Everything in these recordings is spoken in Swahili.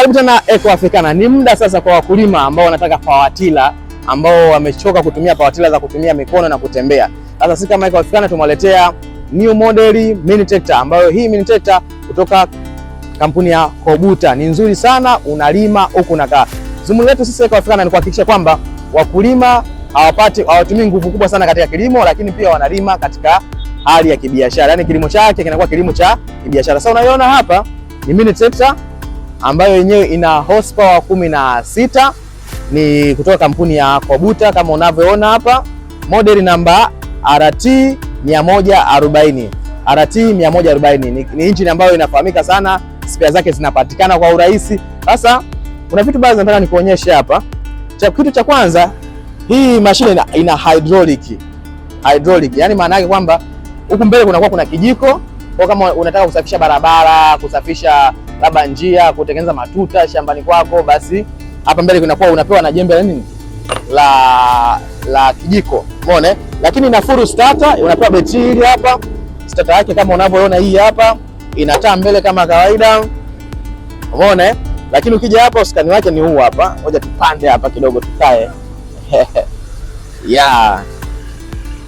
Karibu tena Eco Africana. Ni muda sasa kwa wakulima ambao wanataka pawatila, ambao wamechoka kutumia pawatila za kutumia mikono na kutembea. Sasa sisi kama Eco Africana tumewaletea new model mini tractor, ambayo hii mini tractor kutoka kampuni ya Kobuta ni nzuri sana, unalima huku na kaa. Zumuni letu sisi Eco Africana ni kuhakikisha kwamba wakulima hawapati hawatumii nguvu kubwa sana katika kilimo, lakini pia wanalima katika hali ya kibiashara, yaani kilimo chake kinakuwa kilimo cha kibiashara. Sasa unaiona hapa ni mini tractor ambayo yenyewe ina horsepower kumi na sita ni kutoka kampuni ya Kobuta kama unavyoona hapa, model namba RT 140. RT 140 ni, ni injini ambayo inafahamika sana, spare zake zinapatikana kwa urahisi. Sasa kuna vitu baadhi nataka nikuonyeshe hapa. Cha kitu cha kwanza, hii mashine ina, ina hydraulic hydraulic, yani maana yake kwamba huku mbele kunakuwa kuna kijiko kwa kama unataka kusafisha barabara, kusafisha labda njia, kutengeneza matuta shambani kwako, basi hapa mbele kunakuwa unapewa na jembe la nini la la kijiko, umeona. Lakini na full starter unapewa beti hili hapa, starter yake kama unavyoona hii hapa, inataa mbele kama kawaida, umeona. Lakini ukija hapa usukani wake ni huu hapa, ngoja tupande hapa kidogo tukae yeah.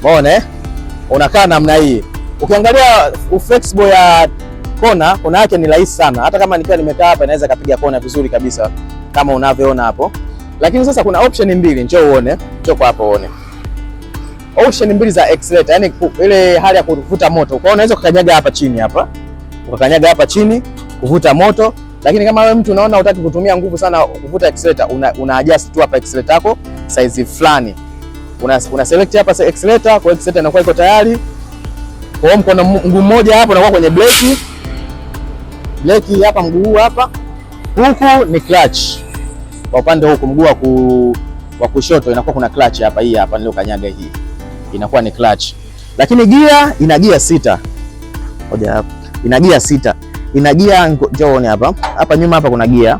Umeona, unakaa namna hii. Ukiangalia uflexible ya kona, kona yake ni rahisi sana, hata kama nikiwa nimekaa hapa naweza kapiga kona vizuri kabisa kama unavyoona hapo. Lakini sasa kuna option mbili, njoo uone, njoo kwa hapo uone option mbili za accelerator, yani ile hali ya kuvuta moto. Kwa hiyo unaweza kukanyaga hapa chini hapa, ukakanyaga hapa chini kuvuta moto, lakini kama wewe mtu unaona hutaki kutumia nguvu sana kuvuta accelerator, una, una adjust tu hapa accelerator yako size fulani, una, una select hapa accelerator, kwa hiyo accelerator inakuwa iko tayari. Kwa hiyo mkono mguu mmoja hapo unakuwa kwenye breki breki hapa, mguu hapa, huku ni clutch kwa upande huku, mguu wa ku wa kushoto inakuwa kuna clutch hapa, hii hapa niliokanyaga hii inakuwa ni clutch. Lakini gia ina gia sita, hoja hapa ina gia sita, ina gia njoo hapa hapa nyuma hapa kuna gia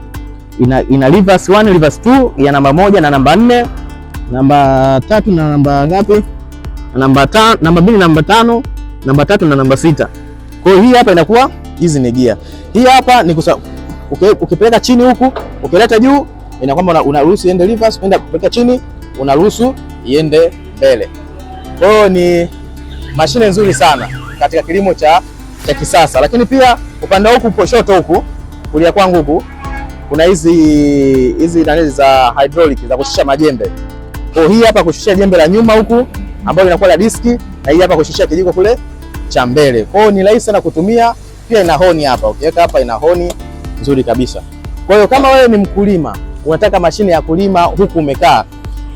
ina, ina reverse 1 reverse 2 ya namba moja na namba nne namba tatu na namba ngapi? Namba tano, namba mbili, namba tano, namba tatu na namba sita. Kwa hiyo hii hapa inakuwa hizi ni gia. Hii hapa ni kusa, uke, ukipeleka chini huku ukileta juu ina kwamba unaruhusu iende reverse, unaenda kupeleka chini unaruhusu iende mbele. Kwa hiyo ni mashine nzuri sana katika kilimo cha, cha kisasa, lakini pia upande huku kushoto huku kulia kwangu huku kuna hizi hizi nani za hydraulic za kushusha majembe. Kwa hii hapa kushusha jembe la nyuma huku ambalo linakuwa la diski, na hii hapa kushusha kijiko kule cha mbele. Kwa hiyo ni rahisi sana kutumia pia ina honi hapa, ukiweka hapa ina honi nzuri kabisa. Kwa hiyo kama wewe ni mkulima unataka mashine ya kulima huku umekaa,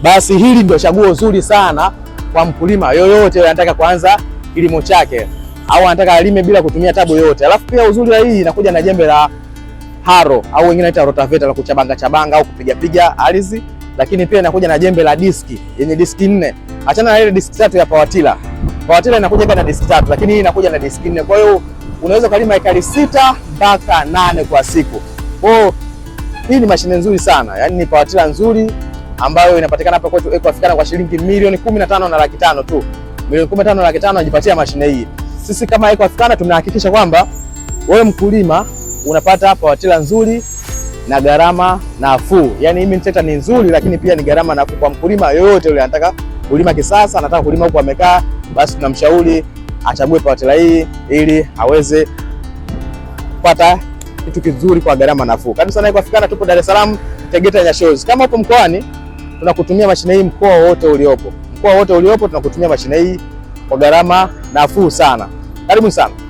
basi hili ndio chaguo zuri sana kwa mkulima yoyote anataka kuanza kilimo chake au anataka alime bila kutumia tabu yoyote. Alafu pia uzuri wa hii inakuja na jembe la haro au wengine wanaita rotaveta la kuchabanga chabanga au kupiga piga ardhi, lakini pia inakuja na jembe la diski yenye diski nne. Achana na ile diski tatu ya pawatila. Pawatila inakuja na diski tatu, lakini hii inakuja na diski nne. Kwa hiyo unaweza ukalima ekari sita mpaka nane kwa siku. Kwa hii ni mashine nzuri sana, yaani ni pawatila nzuri ambayo inapatikana hapa kwetu Ecoafricana kwa shilingi milioni kumi na tano na laki tano tu, milioni kumi na tano na laki tano najipatia mashine hii. Sisi kama Ecoafricana tunahakikisha kwamba wewe mkulima unapata pawatila nzuri na gharama nafuu. Yaani hii trekta ni nzuri, lakini pia ni gharama nafuu kwa mkulima yoyote yule anataka kulima kisasa, anataka kulima huko amekaa, basi tunamshauri achague pawatila hii ili aweze kupata kitu kizuri kwa gharama nafuu. Karibu sana kwa tupo Dar es Salaam, Tegeta Nyashozi. Kama upo mkoani, tunakutumia mashine hii mkoa wote uliopo, mkoa wote uliopo tunakutumia mashine hii kwa gharama nafuu sana. Karibu sana.